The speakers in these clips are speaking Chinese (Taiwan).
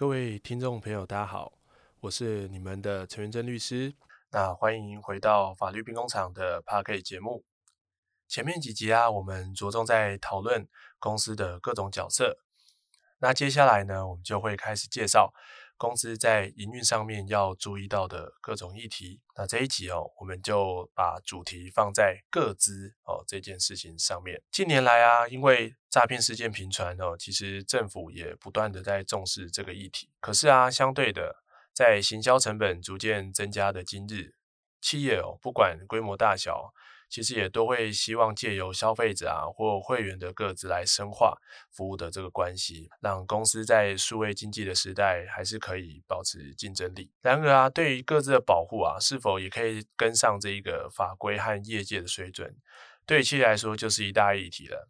各位聽眾朋友，大家好，我是你們的陳全正律師。那歡迎回到法律兵工廠的 Podcast 節目。前面幾集啊，我們着重在討論公司的各種角色。那接下來呢，我們就會開始介紹。公司在營運上面要注意到的各種議題，那這一集哦，我們就把主題放在個資哦這件事情上面。近年來啊，因為詐騙事件頻傳哦，其實政府也不斷地在重視這個議題。可是啊，相對的，在行銷成本逐漸增加的今日，企業哦，不管規模大小。其實也都會希望借由消費者啊，或會員的個資來深化服務的這個關係，讓公司在數位經濟的時代還是可以保持競爭力。然而啊，對於個資的保護啊，是否也可以跟上這一個法規和業界的水準，對於企業來說，就是一大議題了。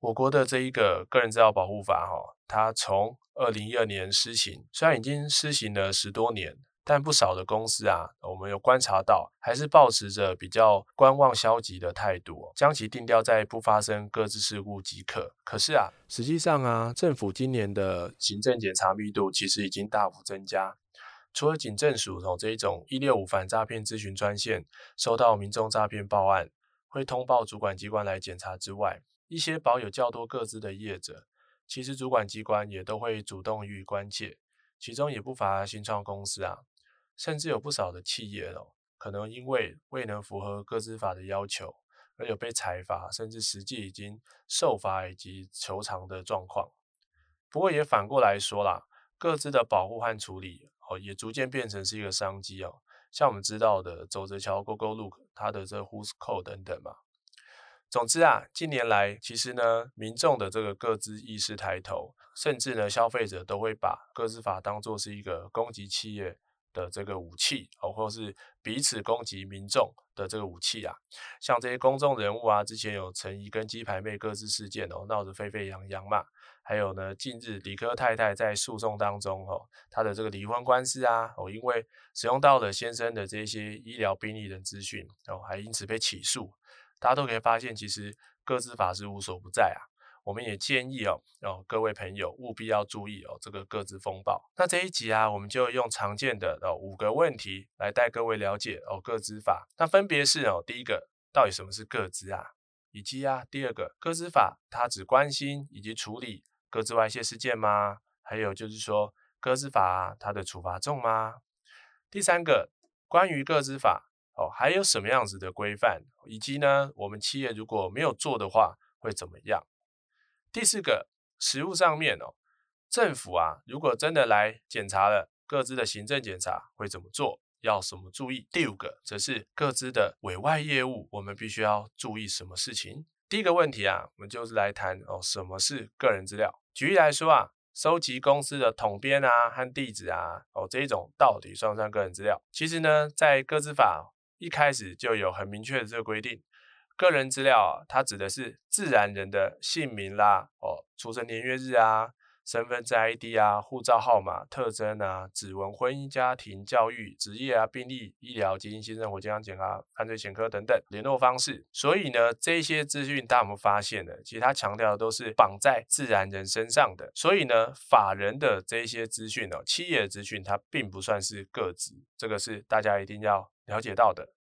我國的這一個個人資料保護法哈、哦，它從二零一二年施行，雖然已經施行了十多年，但不少的公司啊，我們有觀察到，還是保持着比較觀望、消極的態度，將其定調在不發生個資事故即可。可是啊，實際上啊，政府今年的行政檢查密度其實已經大幅增加。除了警政署從這種一六五反詐騙諮詢專線收到民眾詐騙報案，會通報主管機關來檢查之外，一些保有較多個資的業者，其實主管機關也都會主動予以關切，其中也不乏新創公司啊。甚至有不少的企業哦，可能因為未能符合個資法的要求，而有被裁罰，甚至實際已經受罰以及求償的狀況。不過也反過來說啦，個資的保護和處理哦，也逐漸變成是一個商機哦。像我們知道的，走著瞧 GoGoLook 他的這 Whoscall 等等嘛。總之啊，近年來其實呢，民眾的這個個資意識抬頭，甚至呢，消費者都會把個資法當作是一個攻擊企業，的這個武器，哦，或是彼此攻擊民眾的這個武器啊，像這些公眾人物啊，之前有陳沂跟雞排妹個資事件哦，鬧得沸沸揚揚嘛。還有呢，近日理科太太在訴訟當中哦，她的這個離婚官司啊，哦，因為使用到了先生的這些醫療病歷的資訊哦，還因此被起訴。大家都可以發現，其實個資法是無所不在啊。我們也建議哦，哦各位朋友務必要注意哦，這個個資風暴。那這一集啊，我們就用常見的哦五個問題來帶各位了解哦個資法。那分別是哦第一個，到底什麼是個資啊？以及啊第二個，個資法它只關心以及處理個資外泄事件嗎？還有就是說，個資法啊，它的處罰重嗎？第三個，關於個資法哦還有什麼樣子的規範？以及呢，我們企業如果沒有做的話會怎麼樣？第四個，實務上面哦，政府啊，如果真的來檢查了，個資的行政檢查會怎麼做？要什麼注意？第五個，則是個資的委外業務，我們必須要注意什麼事情？第一個問題啊，我們就是來談哦，什麼是個人資料？舉例來說啊，收集公司的統編啊和地址啊，哦，這一種到底算不算個人資料？其實呢，在個資法一開始就有很明確的這個規定。個人資料啊，它指的是自然人的姓名啦、哦，出生年月日啊、身份證 ID 啊、護照號碼、特徵啊、指紋、婚姻、家庭教育、職業啊、病歷、醫療、基因、性生活、健康檢查、犯罪前科等等聯絡方式。所以呢，這些資訊，大家有沒有發現呢，其實它強調的都是綁在自然人身上的。所以呢，法人的這些資訊哦，企業的資訊，它並不算是個資，這個是大家一定要了解到的。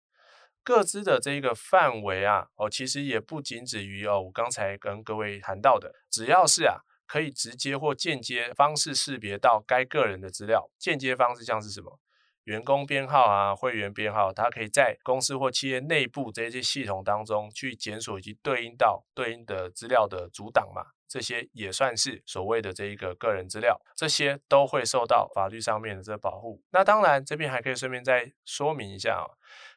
個資的這一個範圍啊，哦，其實也不僅止於哦，我剛才跟各位談到的，只要是啊，可以直接或間接方式識別到該個人的資料。間接方式像是什麼員工編號啊、會員編號，它可以在公司或企業內部這些系統當中去檢索以及對應到對應的資料的主檔嘛，這些也算是所謂的這一個個人資料，這些都會受到法律上面的這個保護。那當然，這邊還可以順便再說明一下啊。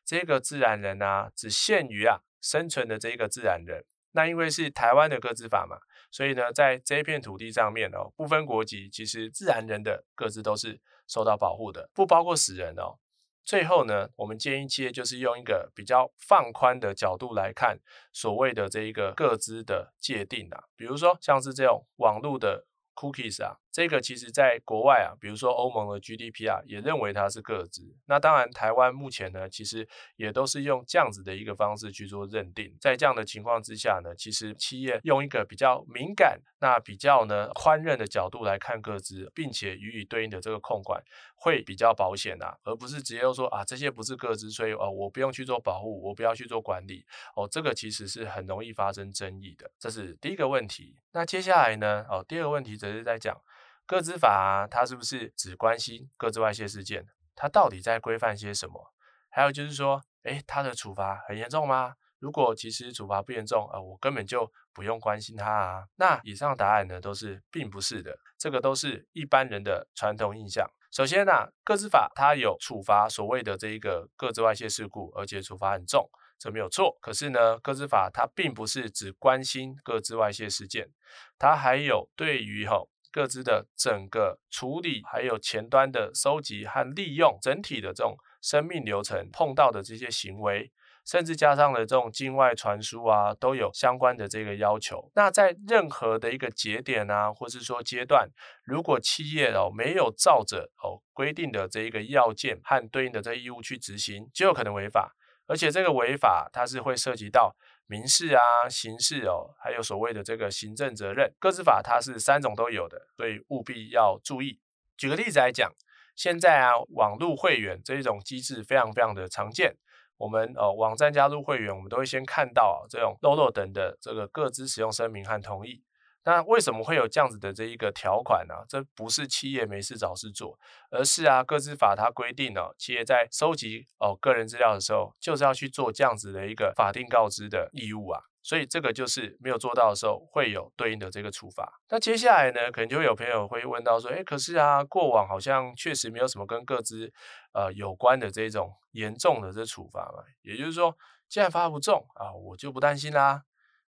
這個自然人啊，只限於啊生存的這一個自然人。那因為是台灣的個資法嘛，所以呢，在這片土地上面哦，不分國籍，其實自然人的個資都是受到保護的，不包括死人哦。最後呢，我們建議企業就是用一個比較放寬的角度來看所謂的這一個個資的界定啊，比如說像是這種網絡的 cookies 啊。這個其實，在國外啊，比如說歐盟的 GDP 啊，也認為它是個資。那當然，台灣目前呢，其實也都是用這樣子的一個方式去做認定。在這樣的情況之下呢，其實企業用一個比較敏感、那比較呢寬任的角度來看個資，並且予以對應的這個控管，會比較保險吶、啊，而不是直接說啊這些不是個資，所以哦我不用去做保護，我不要去做管理。哦，這個其實是很容易發生爭議的，這是第一個問題。那接下來呢，哦第二個問題則是在講。個資法、啊、它是不是只關心個資外洩事件？它到底在規範些什麼？還有就是說，誒它的處罰很嚴重嗎？如果其實處罰不嚴重、啊，我根本就不用關心它啊。那以上答案呢，都是並不是的，這個都是一般人的傳統印象。首先呢、啊，個資法它有處罰所謂的這一個個資外洩事故，而且處罰很重，這沒有錯。可是呢，個資法它並不是只關心個資外洩事件，它還有對於吼個資的整個處理，還有前端的收集和利用，整體的這種生命流程碰到的這些行為，甚至加上了這種境外傳輸啊，都有相關的這個要求。那在任何的一個節點啊，或是說階段，如果企業哦沒有照着哦規定的這一個要件和對應的這個義務去執行，就有可能違法。而且這個違法，它是會涉及到。民事啊、刑事哦，還有所謂的這個行政責任，個資法它是三種都有的，所以務必要注意。舉個例子來講，現在啊，網絡會員這一種機制非常非常的常見，我們哦網站加入會員，我們都會先看到，啊，這種漏漏等的這個個資使用聲明和同意。那為什麼會有這樣子的這一個條款呢、啊？這不是企業沒事找事做，而是啊，個資法它規定呢、哦，企業在收集哦個人資料的時候，就是要去做這樣子的一個法定告知的義務啊。所以這個就是沒有做到的時候，會有對應的這個處罰。那接下來呢，可能就會有朋友會問到說，哎，可是啊，過往好像確實沒有什麼跟個資呃有關的這種嚴重的這處罰嘛。也就是說，既然罰不重啊，我就不擔心啦。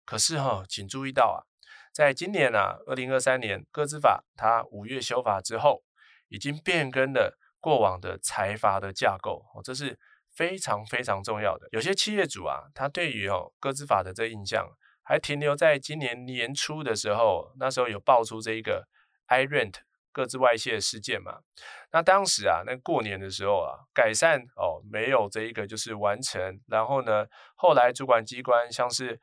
可是哈、哦，請注意到啊。在今年啊，二零二三年個資法它五月修法之後，已經變更了過往的財閥的架構哦，這是非常非常重要的。有些企業主啊，他對於哦個資法的這印象還停留在今年年初的時候，那時候有爆出這一個 IRent 個資外洩事件嘛。那當時啊，那過年的時候啊，改善哦沒有這一個就是完成，然後呢，後來主管機關像是。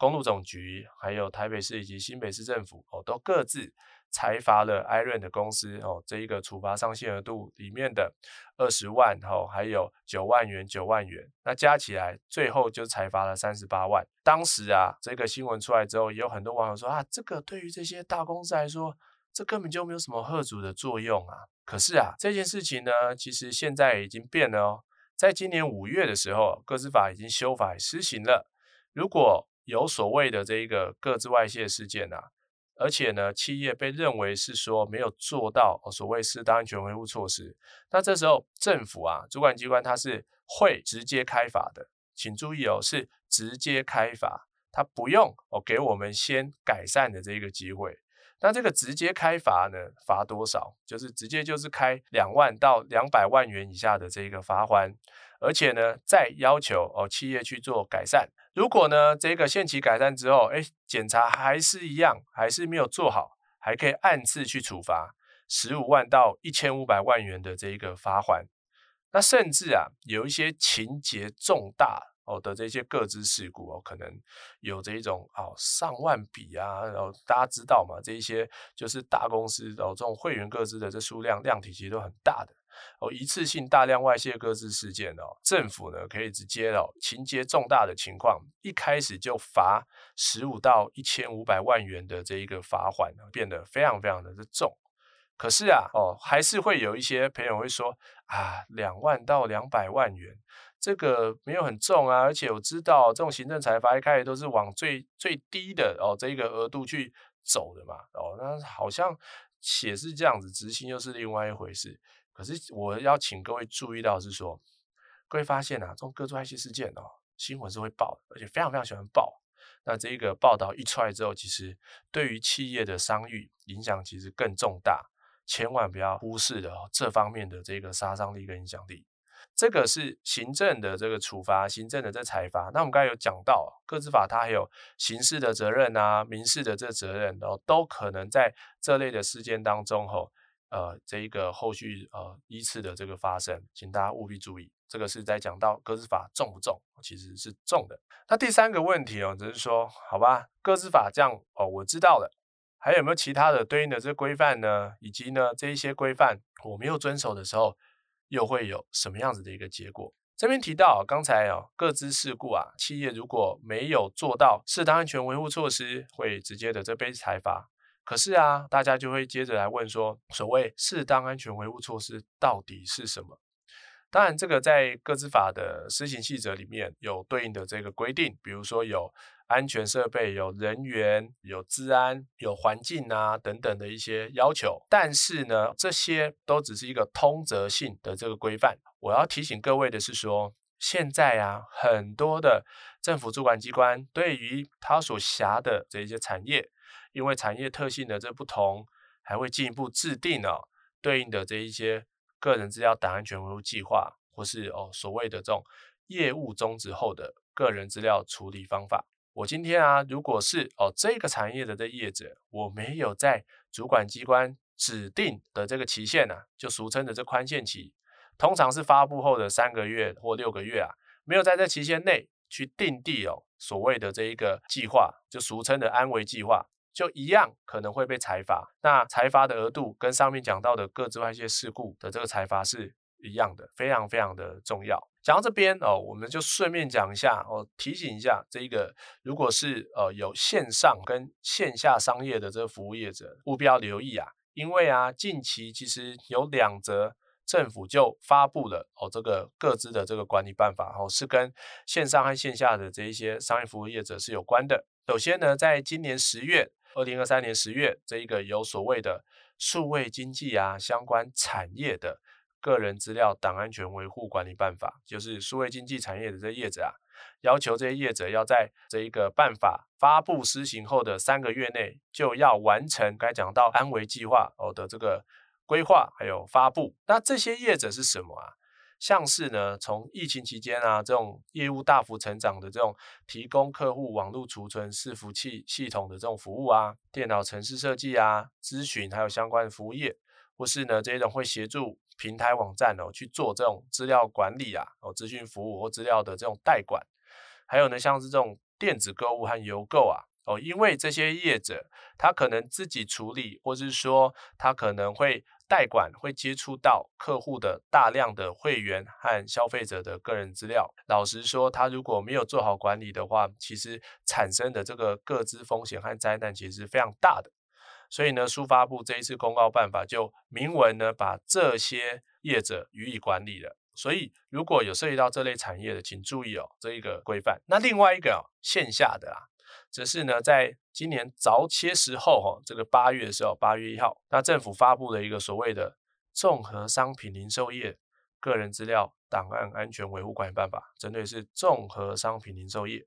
公路總局、還有台北市以及新北市政府哦，都各自裁罰了 iRent 的公司哦。這一個處罰上限額度裡面的二十萬哦，還有九萬元、九萬元，那加起來最後就裁罰了三十八萬。當時啊，這個新聞出來之後，也有很多網友說啊，這個對於這些大公司來說，這根本就沒有什麼嚇阻的作用啊。可是啊，這件事情呢，其實現在已經變了哦。在今年五月的時候，個資法已經修法施行了，如果有所謂的這一個個資外洩事件啊，而且呢，企業被認為是說沒有做到、哦、所謂適當安全維護措施，那這時候政府啊，主管機關它是會直接開罰的，請注意哦，是直接開罰，它不用、哦、給我們先改善的這個機會。那這個直接開罰呢，罰多少？就是直接就是開兩萬到兩百萬元以下的這個罰款。而且呢，再要求哦企業去做改善。如果呢這個限期改善之後，哎檢查還是一樣，還是沒有做好，還可以按次去處罰十五萬到一千五百萬元的這一個罰款。那甚至啊有一些情節重大哦的這些個資事故哦，可能有這一種哦上萬筆啊。然後哦大家知道嘛，這一些就是大公司的哦這種會員個資的這數量量體其實都很大的。哦，一次性大量外泄個資事件哦，政府呢可以直接哦，情節重大的情況，一開始就罰十五到一千五百萬元的這一個罰款，啊，變得非常非常的重。可是啊，哦，還是會有一些朋友會說啊，兩萬到兩百萬元，這個沒有很重啊。而且我知道，哦，這種行政裁罰一開始都是往最最低的哦，這一個額度去走的嘛。哦，那好像寫是這樣子，執行又是另外一回事。可是，我要請各位注意到，是說各位發現啊，這種個資外洩事件哦，新聞是會報，而且非常非常喜歡報。那這個報道一出來之後，其實對於企業的商譽影響其實更重大，千萬不要忽視的、哦、這方面的這個殺傷力跟影響力。這個是行政的這個處罰，行政的這個裁罰。那我們剛才有講到、哦，個資法它還有刑事的責任啊，民事的這個責任哦，都可能在這類的事件當中哦。呃，這一個後續呃依次的這個發生，請大家務必注意，這個是在講到個資法重不重，其實是重的。那第三個問題哦，只、就是說，好吧，個資法這樣哦，我知道了，還有沒有其他的對應的這規範呢？以及呢，這一些規範我沒有遵守的時候，又會有什麼樣子的一個結果？這邊提到剛才哦，個資事故啊，企業如果沒有做到適當安全維護措施，會直接的這被裁罰。可是啊，大家就會接着來問說，所謂適當安全維護措施到底是什麼？當然，這個在個資法的施行細則裡面有對應的這個規定，比如說有安全設備、有人員、有資安、有環境啊等等的一些要求。但是呢，這些都只是一個通則性的這個規範。我要提醒各位的是說，現在啊，很多的政府主管機關對於他所轄的這些產業。因為產業特性的這不同，還會進一步制定哦，對應的這一些個人資料檔案安全維護計劃，或是哦所謂的這種業務終止後的個人資料處理方法。我今天啊，如果是哦這個產業的這業者，我沒有在主管機關指定的這個期限吶、啊，就俗稱的這寬限期，通常是發布後的三個月或六個月啊，沒有在這期限內去訂定哦所謂的這一個計劃，就俗稱的安維計劃。就一樣可能會被裁罰，那裁罰的額度跟上面講到的個資外洩事故的這個裁罰是一樣的，非常非常的重要。講到這邊哦，我們就順便講一下哦，提醒一下這一個，如果是呃、哦、有線上跟線下商業的這個服務業者，務必要留意啊，因為啊，近期其實有兩則政府就發布了哦，這個個資的這個管理辦法哦，是跟線上和線下的這一些商業服務業者是有關的。首先呢，在今年十月。二零二三年十月，這一個有所謂的數位經濟啊相關產業的個人資料檔案安全維護管理辦法，就是數位經濟產業的這業者啊，要求這些業者要在這一個辦法發布施行後的三個月內，就要完成該講到安維計劃哦的這個規劃還有發布。那這些業者是什麼啊？像是呢，從疫情期間啊這種業務大幅成長的這種提供客戶網絡儲存伺服器系統的這種服務啊，電腦程式設計啊、諮詢還有相關的服務業，或是呢這種會協助平台網站哦去做這種資料管理啊、哦資訊服務或資料的這種代管，還有呢像是這種電子購物和郵購啊。哦，因為這些業者，他可能自己處理，或是說他可能會代管，會接觸到客戶的大量的會員和消費者的個人資料。老實說，他如果沒有做好管理的話，其實產生的這個個資風險和災難其實是非常大的。所以呢，數發部這一次公告辦法，就明文呢把這些業者予以管理了。所以如果有涉及到這類產業的，請注意哦，這一個規範。那另外一個、哦、線下的啊。只是呢，在今年早些時候，哈，這個八月的時候，八月一號，那政府發布了一個所謂的《綜合商品零售業個人資料檔案安全維護管理辦法》，針對是綜合商品零售業。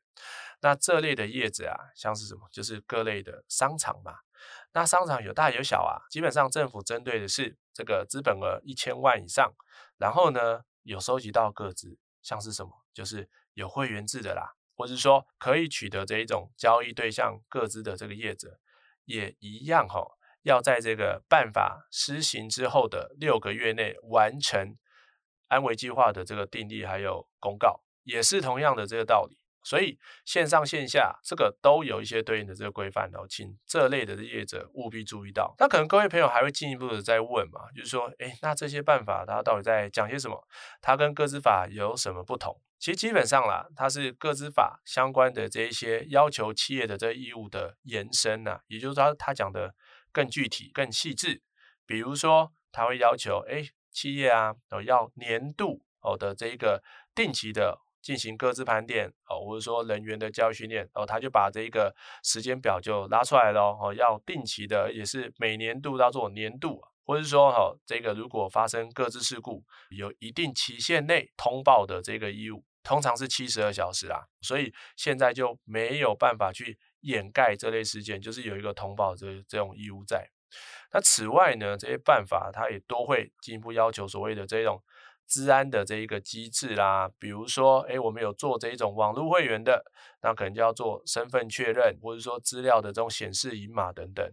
那這類的業者啊，像是什麼，就是各類的商場嘛。那商場有大有小啊，基本上政府針對的是這個資本額一千萬以上，然後呢，有收集到個資，像是什麼，就是有會員制的啦。或是說可以取得這一種交易對象個資的這個業者，也一樣哈，要在這個辦法施行之後的六個月內完成安維計劃的這個訂立還有公告，也是同樣的這個道理。所以線上線下這個都有一些對應的這個規範的，請這類的業者務必注意到。那可能各位朋友還會進一步的再問嘛，就是說，哎，那這些辦法它到底在講些什麼？它跟個資法有什麼不同？其實基本上啦，它是《個資法》相關的這一些要求企業的這個義務的延伸吶、啊，也就是說，他講的更具體、更細緻。比如說，他會要求哎，企業啊，哦要年度哦的這一個定期的進行個資盤點哦，或者說人員的教育訓練，哦，他就把這一個時間表就拉出來了哦，要定期的，也是每年度要做年度，或者是說哈、哦，這個如果發生個資事故，有一定期限內通報的這個義務。通常是七十二小時啊，所以現在就沒有辦法去掩蓋這類事件，就是有一個通報這這種義務在。那此外呢，這些辦法它也都會進一步要求所謂的這種資安的這一個機制啦，比如說，哎，我們有做這一種網絡會員的，那可能就要做身份確認，或者說資料的這種顯示隱碼等等。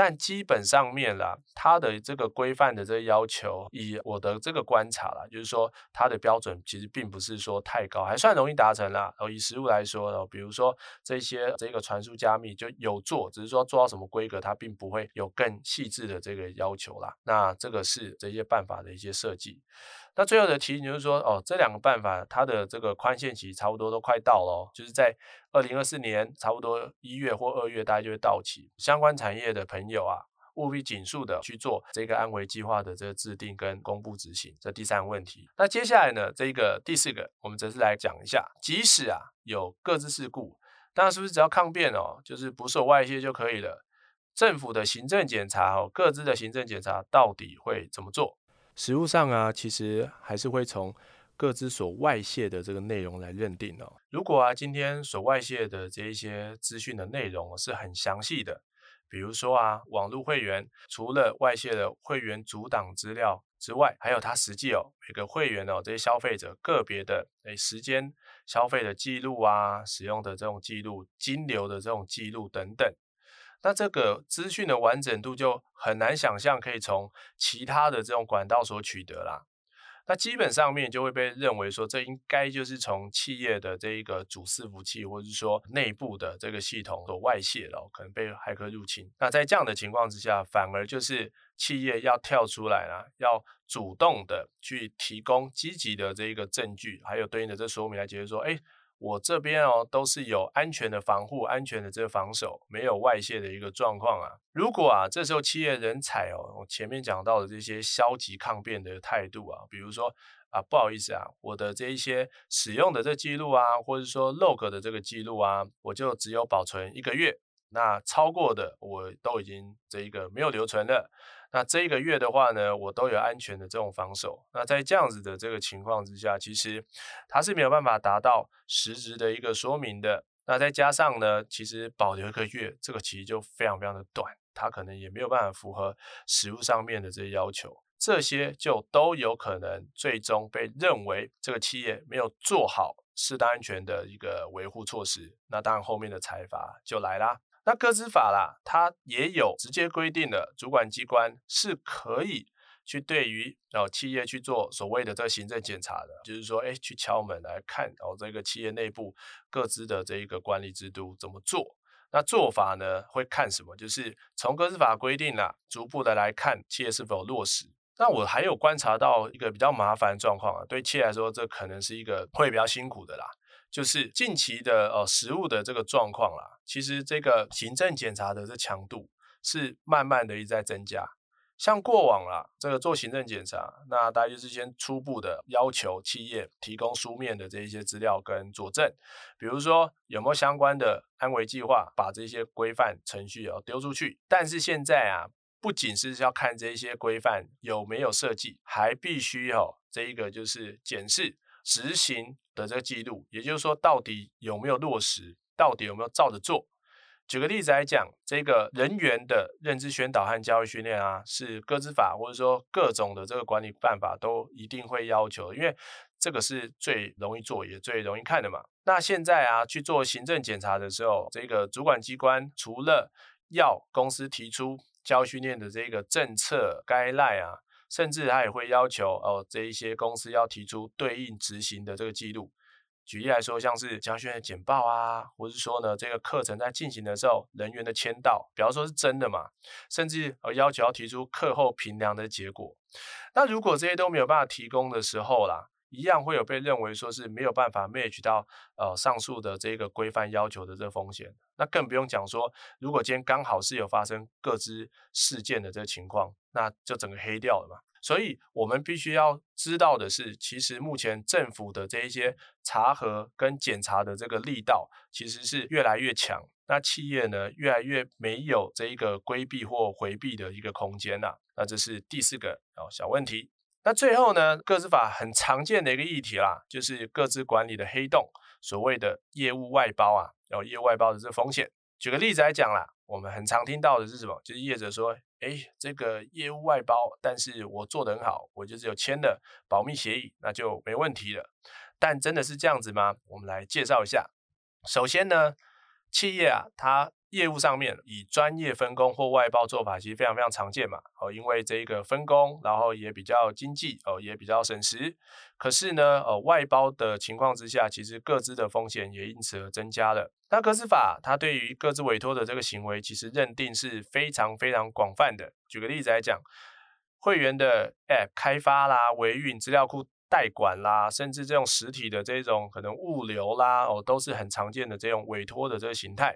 但基本上面啦，它的這個規範的這個要求，以我的這個觀察啦，就是說它的標準其實並不是說太高，還算容易達成啦。然後以實務來說，比如說這些這個傳輸加密就有做，只是說做到什麼規格，它並不會有更細緻的這個要求啦。那這個是這些辦法的一些設計。那最後的提醒就是說，哦，這兩個辦法，它的這個寬限期差不多都快到了，哦，就是在二零二四年差不多一月或二月，大家就會到期。相關產業的朋友啊，務必儘速的去做這個安維計畫的這個制定跟公布執行。這第三個問題，那接下來呢，這個第四個，我們則是來講一下，即使啊有個資事故，大家是不是只要抗辯哦，就是不受外泄就可以了？政府的行政檢查哦，個資的行政檢查到底會怎麼做？實務上啊，其實還是會從個資所外洩的這個內容來認定哦。如果啊，今天所外洩的這一些資訊的內容是很詳細的，比如說啊，網絡會員除了外洩的會員主檔資料之外，還有他實際哦每個會員哦這些消費者個別的誒時間消費的記錄啊、使用的這種記錄、金流的這種記錄等等。那這個資訊的完整度就很難想象可以從其他的這種管道所取得啦。那基本上面就會被認為說，這應該就是從企業的這一個主伺服器，或者是說內部的這個系統所外洩了，哦，可能被駭客入侵。那在這樣的情況之下，反而就是企業要跳出來啦，要主動的去提供積極的這一個證據，還有對應的這說明來解釋說，哎。我這邊哦，都是有安全的防護、安全的這個防守，沒有外泄的一個狀況啊。如果啊，這時候企業人才哦，我前面講到的這些消極抗辯的態度啊，比如說啊，不好意思啊，我的這一些使用的這記錄啊，或者說 log 的這個記錄啊，我就只有保存一個月，那超過的我都已經這一個沒有留存了。那這一個月的話呢，我都有安全的這種防守。那在這樣子的這個情況之下，其實它是沒有辦法達到實質的一個說明的。那再加上呢，其實保留一個月，這個其實就非常非常的短，它可能也沒有辦法符合實務上面的這些要求。這些就都有可能最終被認為這個企業沒有做好適當安全的一個維護措施。那當然後面的裁罰就來啦。那《個資法》啦，它也有直接規定的主管機關是可以去對於哦企業去做所謂的這個行政檢查的，就是說，哎、欸，去敲門來看哦這個企業內部個資的這一個管理制度怎麼做。那做法呢，會看什麼？就是從《個資法》規定啦，逐步的來看企業是否落實。那我還有觀察到一個比較麻煩的狀況啊，對企業來說，這可能是一個會比較辛苦的啦。就是近期的哦，實、呃、務的這個狀況啦，其實這個行政檢查的這強度是慢慢的一直在增加。像過往啦，這個做行政檢查，那大家就是先初步的要求企業提供書面的這一些資料跟佐證，比如說有沒有相關的安維計劃，把這些規範程序啊、哦、丟出去。但是現在啊，不僅是要看這一些規範有沒有設計，還必須要、哦、這一個就是檢視執行。的這個記錄，也就是說，到底有沒有落實，到底有沒有照着做？舉個例子來講，這個人員的認知宣導和教育訓練啊，是個資法或者說各種的這個管理辦法都一定會要求，因為這個是最容易做也最容易看的嘛。那現在啊，去做行政檢查的時候，這個主管機關除了要公司提出教育訓練的這個政策 guideline 啊。甚至他也會要求哦，這一些公司要提出對應執行的這個記錄。舉例來說，像是教訓的簡報啊，或者是說呢，這個課程在進行的時候人員的簽到，比方說是真的嘛。甚至我、哦、要求要提出課後評量的結果。那如果這些都沒有辦法提供的時候啦，一樣會有被認為說是沒有辦法 match 到呃上述的這個規範要求的這風險。那更不用講說，如果今天剛好是有發生個資事件的這個情況。那就整個黑掉了嘛，所以我們必須要知道的是，其實目前政府的這一些查核跟檢查的這個力道，其實是越來越強。那企業呢，越來越沒有這一個規避或回避的一個空間了、啊。那這是第四個哦小問題。那最後呢，個資法很常見的一個議題啦，就是個資管理的黑洞，所謂的業務外包啊，然後業務外包的這風險。舉個例子來講啦，我們很常聽到的是什麼？就是業者說。哎，這個業務外包，但是我做得很好，我就是有簽了保密協議，那就沒問題了。但真的是這樣子嗎？我們來介紹一下。首先呢，企業啊，它。業務上面以專業分工或外包做法，其實非常非常常見嘛。哦，因為這一個分工，然後也比較經濟哦，也比較省時。可是呢、哦，外包的情況之下，其實個資的風險也因此而增加了。那個資法，它對於個資委托的這個行為，其實認定是非常非常廣泛的。舉個例子來講，會員的 App 開發啦，維運資料庫代管啦，甚至這種實體的這種可能物流啦，哦，都是很常見的這種委托的這個形態。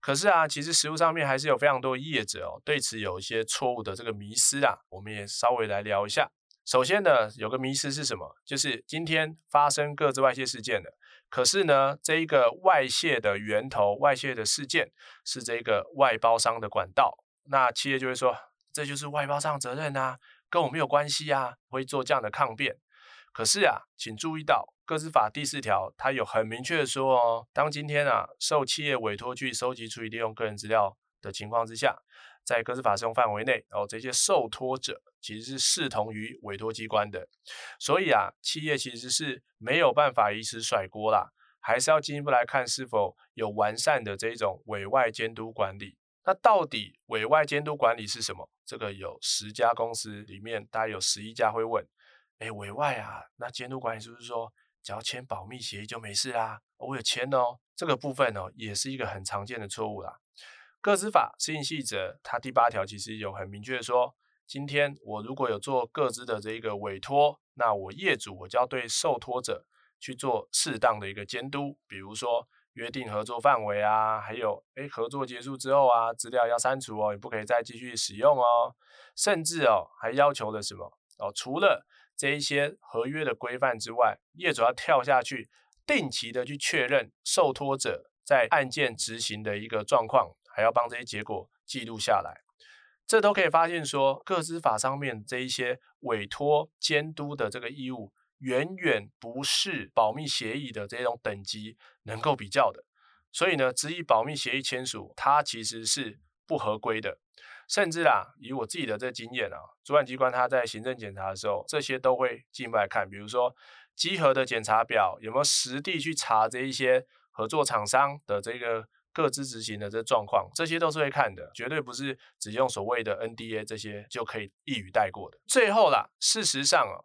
可是啊，其實實務上面還是有非常多業者哦，對此有一些錯誤的這個迷思啊，我們也稍微來聊一下。首先呢，有個迷思是什麼？就是今天發生個資外泄事件了，可是呢，這一個外洩的源頭、外洩的事件是這個外包商的管道。那企業就會說，這就是外包商責任啊，跟我沒有關係啊，會做這樣的抗辯。可是啊，請注意到。《個資法》第四條，它有很明確的說哦，當今天啊，受企業委託去收集、處理、利用個人資料的情況之下，在《個資法》適用範圍內，然後、哦、這些受託者其實是視同於委託機關的，所以啊，企業其實是沒有辦法以此甩鍋啦，還是要進一步來看是否有完善的這一種委外監督管理。那到底委外監督管理是什麼？這個有十家公司裡面，大概有十一家會問，哎，委外啊，那監督管理是不是說。只要簽保密協議就沒事啦，啊哦，我有簽哦。這個部分哦，也是一個很常見的錯誤啦。個資法施行細則它第八條其實有很明確說，今天我如果有做個資的這一個委托，那我業主我就要對受托者去做適當的一個監督，比如說約定合作範圍啊，還有，欸、合作結束之後啊，資料要刪除哦，也不可以再繼續使用哦，甚至哦還要求了什麼哦，除了。這一些合約的規範之外，業主要跳下去定期的去確認受托者在案件執行的一個狀況，還要幫這些結果記錄下來，這都可以發現說，個資法上面這一些委托監督的這個義務，遠遠不是保密協議的這種等級能夠比較的，所以呢，只以保密協議簽署，它其實是不合規的。甚至啊，以我自己的這經驗啊，主管機關他在行政檢查的時候，這些都會進來看，比如說稽核的檢查表，有沒有實地去查這一些合作廠商的這個各自執行的這狀況，這些都是會看的，絕對不是只用所謂的 NDA 這些就可以一語帶過的。最後啦，事實上、哦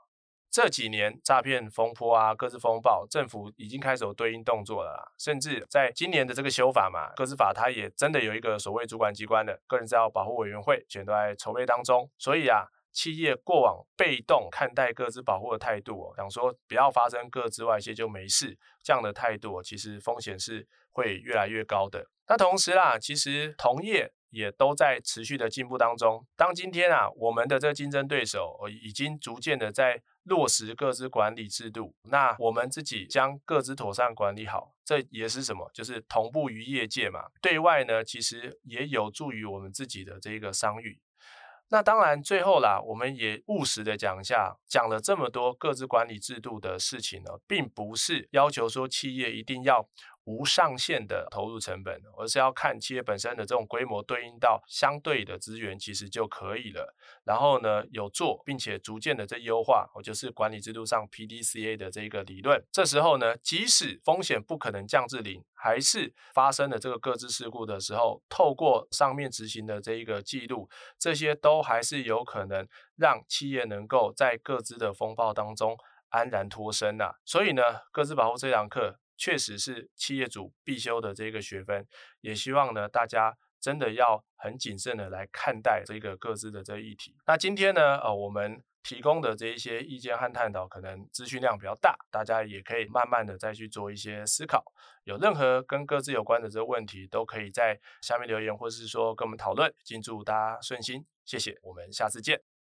這幾年詐騙風波啊，個資風暴，政府已經開始有對應動作了。甚至在今年的這個修法嘛，個資法它也真的有一個所謂主管機關的個人資料保護委員會，全都在籌備當中。所以啊，企業過往被動看待個資保護的態度、哦、想說不要發生個資外洩就沒事，這樣的態度、哦、其實風險是會越來越高的。那同時啊，其實同業也都在持續的進步當中。當今天啊，我們的這個競爭對手已經逐漸的在落實個資管理制度，那我們自己將個資妥善管理好，這也是什麼？就是同步於業界嘛。對外呢，其實也有助於我們自己的這個商譽。那當然，最後啦，我們也務實的講一下，講了這麼多個資管理制度的事情呢，並不是要求說企業一定要。無上限的投入成本，而是要看企業本身的這種規模，對應到相對的資源，其實就可以了。然後呢，有做並且逐漸的在優化，我就是管理制度上 PDCA 的這一個理論。這時候呢，即使風險不可能降至零，還是發生了這個個資事故的時候，透過上面執行的這一個記錄，這些都還是有可能讓企業能夠在個資的風暴當中安然脫身吶啊。所以呢，個資保護這堂課。確實是企業主必修的這個學分，也希望呢大家真的要很謹慎的來看待這個個資的這議題。那今天呢，呃，我們提供的這一些意見和探討，可能資訊量比較大，大家也可以慢慢的再去做一些思考。有任何跟個資有關的這個問題，都可以在下面留言，或是說跟我們討論。敬祝大家順心，謝謝，我們下次見。